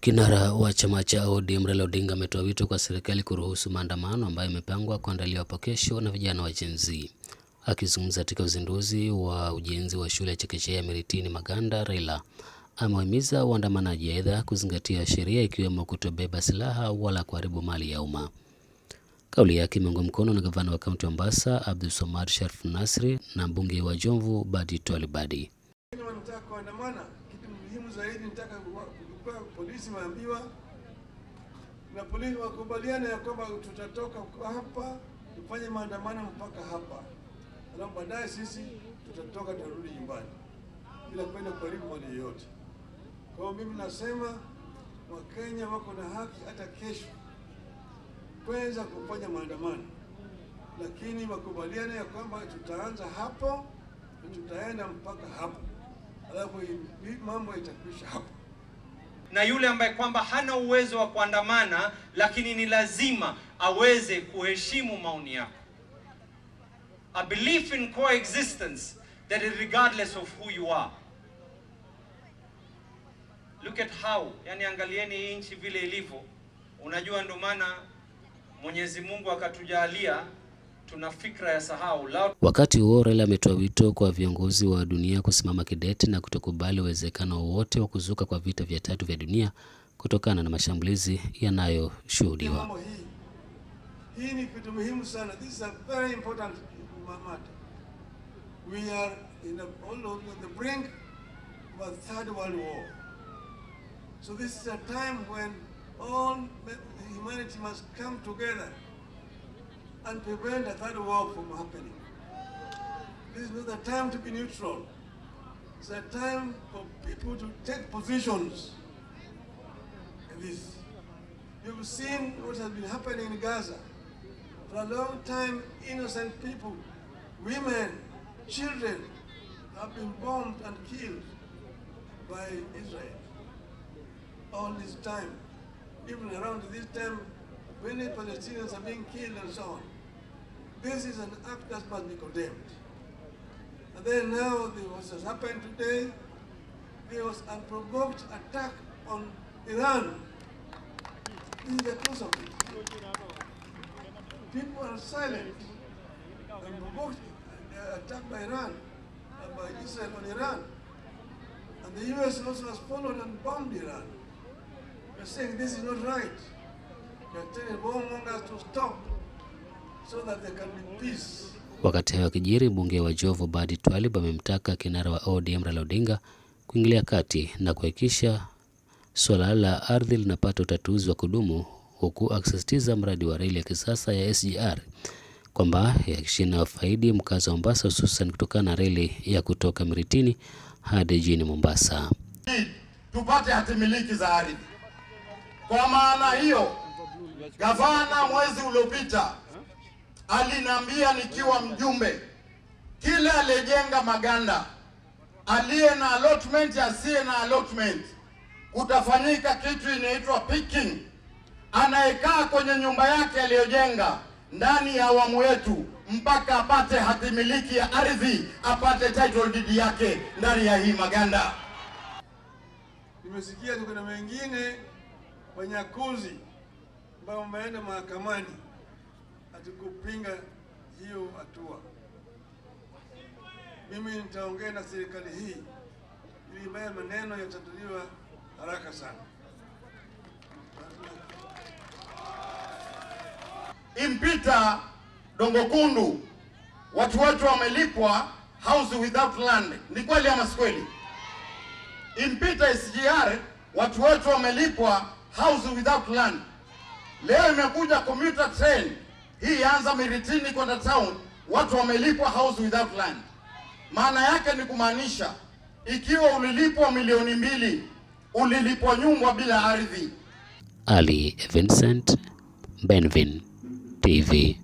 Kinara wa chama cha ODM Raila Odinga ametoa wito kwa serikali kuruhusu maandamano ambayo imepangwa kuandaliwa hapo kesho na vijana wa Gen Z. Akizungumza katika uzinduzi wa ujenzi wa shule ya chekechea Miritini Maganda, Raila amewahimiza waandamanaji aidha kuzingatia sheria ikiwemo kutobeba silaha wala kuharibu mali ya umma. Kauli yake imeungwa mkono na gavana wa kaunti ya Mombasa Abdul Somad Sharif Nasri na mbunge wa Jomvu Badi Twalibadi kwa polisi waambiwa na polisi wakubaliana ya kwamba tutatoka hapa tufanye maandamano mpaka hapa, alafu baadaye sisi tutatoka tutarudi nyumbani bila kwenda kuharibu mali yoyote. Kwa hiyo mimi nasema Wakenya wako na haki hata kesho kuweza kufanya maandamano, lakini wakubaliana ya kwamba tutaanza hapo tutaenda mpaka hapo, alafu mambo itakwisha hapo na yule ambaye kwamba hana uwezo wa kuandamana, lakini ni lazima aweze kuheshimu maoni yako. A belief in coexistence that is regardless of who you are. Look at how, yani angalieni hii nchi vile ilivyo. Unajua, ndio maana Mwenyezi Mungu akatujalia tuna fikra ya sahau. lao. Wakati huo Raila ametoa wito kwa viongozi wa dunia kusimama kidete na kutokubali uwezekano wote wa kuzuka kwa vita vya tatu vya dunia kutokana na mashambulizi yanayoshuhudiwa. Hii, hii ni kitu muhimu sana. This is a very important matter. We are in a, on the brink of a third world war. So this is a time when all humanity must come together. and prevent a third war from happening. This is not the time to be neutral. It's a time for people to take positions in this. You've seen what has been happening in Gaza. For a long time, innocent people, women, children, have been bombed and killed by Israel. All this time, even around this time, many Palestinians are being killed and so on. This is an act that must be condemned. And then now there was has happened today, there was provoked attack on Iran. This is the cause of it. People are silent. Unprovoked uh, attack by Iran, uh, by Israel on Iran. And the US also has followed and bombed Iran. They're saying this is not right. They're telling Wakati hayo akijiri, mbunge wa Jovo Badi Twalib amemtaka kinara wa ODM Raila Odinga kuingilia kati na kuhakikisha suala la ardhi linapata utatuzi wa kudumu, huku akisisitiza mradi wa reli ya kisasa ya SGR kwamba yakishina faidi mkazi wa Mombasa, hususan kutokana na reli ya kutoka Miritini hadi jijini Mombasa. Tupate hatimiliki za ardhi. Kwa maana hiyo, gavana mwezi uliopita aliniambia nikiwa mjumbe, kila aliyejenga maganda, aliye na allotment, asiye na allotment, kutafanyika kitu inaitwa picking. Anayekaa kwenye nyumba yake aliyojenga ndani ya awamu yetu mpaka apate hatimiliki ya ardhi, apate title deed yake ndani ya hii maganda. Nimesikia kuna mengine Wanyakuzi ambao wameenda mahakamani hatukupinga hiyo hatua. Mimi nitaongea na serikali hii ili ambayo maneno yatatuliwa haraka sana. Impita Dongokundu, watu wetu wamelipwa house without land. Ni kweli ama si kweli? Impita SGR, watu wetu wamelipwa house without land. Leo imekuja commuter train hii anza Miritini kwenda town, watu wamelipwa house without land. Maana yake ni kumaanisha ikiwa ulilipwa milioni mbili, ulilipwa nyumba bila ardhi. Ali Vincent, Benvin TV.